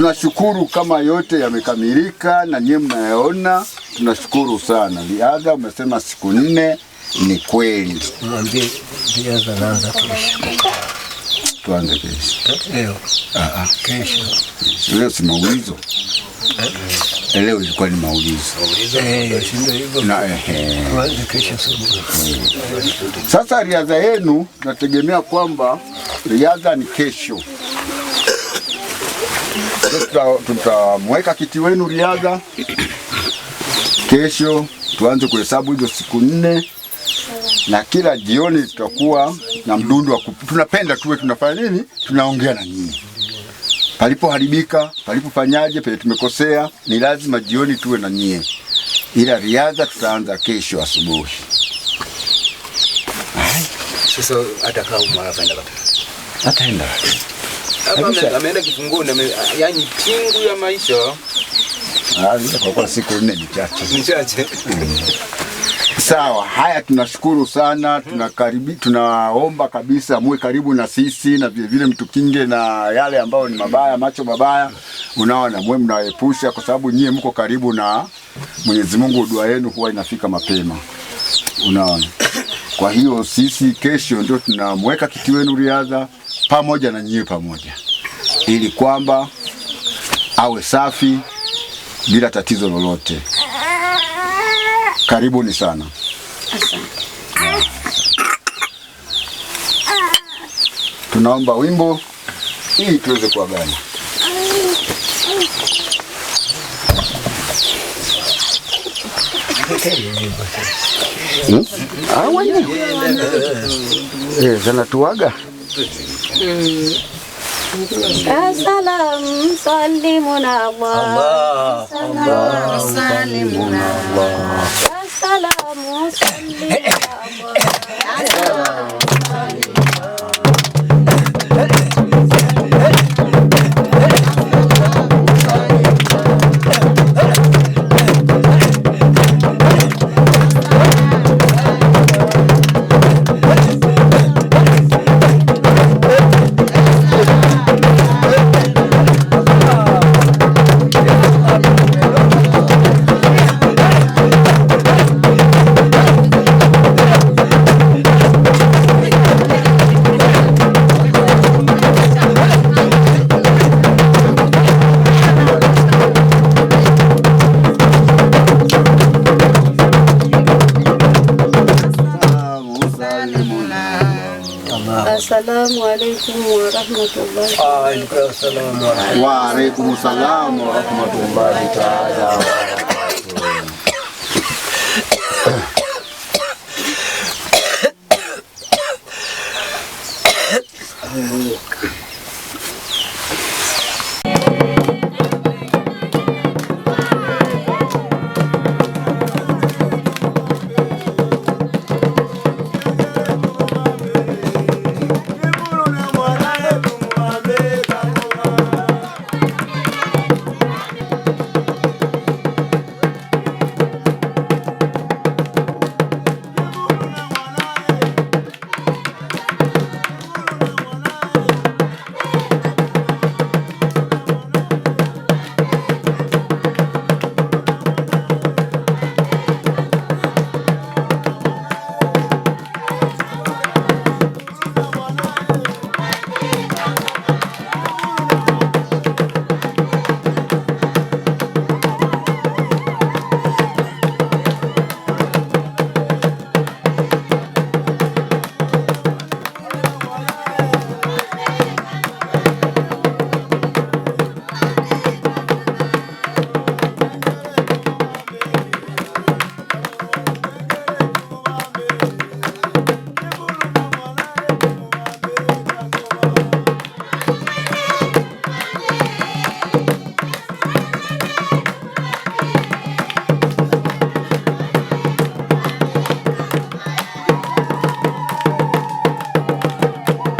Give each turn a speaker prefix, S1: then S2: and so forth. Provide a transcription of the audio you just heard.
S1: Tunashukuru kama yote yamekamilika na nyinyi mnayaona, tunashukuru sana. Liaga umesema siku nne, ni kweli.
S2: Mwambie naanza kesho.
S1: Tuanze kesho. Leo. Ah ah, kesho. Leo si maulizo. Eh, eh. eh, leo ilikuwa ni maulizo.
S2: Eh,
S3: sio hivyo.
S1: Na eh.
S2: Tuanze kesho asubuhi.
S1: Sasa riadha yenu nategemea kwamba riadha ni kesho tutamweka kiti wenu riadha kesho, tuanze kuhesabu hizo siku nne, na kila jioni tutakuwa na mdundu wa tunapenda tuwe tunafanya nini, tunaongea na nyinyi palipoharibika, palipofanyaje, pale tumekosea, ni lazima jioni tuwe na nyie, ila riadha tutaanza kesho asubuhi.
S2: Sasa atakaa ataenda ameenda kifungoni, pingu ya maisha
S1: ah, kwa siku nne ni chache
S2: chache. Mm.
S1: Sawa, haya, tunashukuru sana, tunakaribi, tunaomba kabisa muwe karibu na sisi na vilevile mtukinge na yale ambayo ni mabaya, macho mabaya, unaona, mwe mnaepusha, kwa sababu nyie mko karibu na Mwenyezi Mungu, dua yenu huwa inafika mapema, unaona. Kwa hiyo sisi kesho ndio tunamweka kiti wenu riadha pamoja na nyiwe pamoja, ili kwamba awe safi bila tatizo lolote. Karibuni sana. Tunaomba wimbo ili tuweze kuagana. Hmm? Awenye ah, eh, zanatuaga ሰላም
S4: ሰሊሙና
S5: ሰላሙ ሰሊሙና
S6: Assalamu alaikum warahmatullahi
S7: wabarakatuh.
S8: Wa alaikum salam
S9: warahmatullahi taala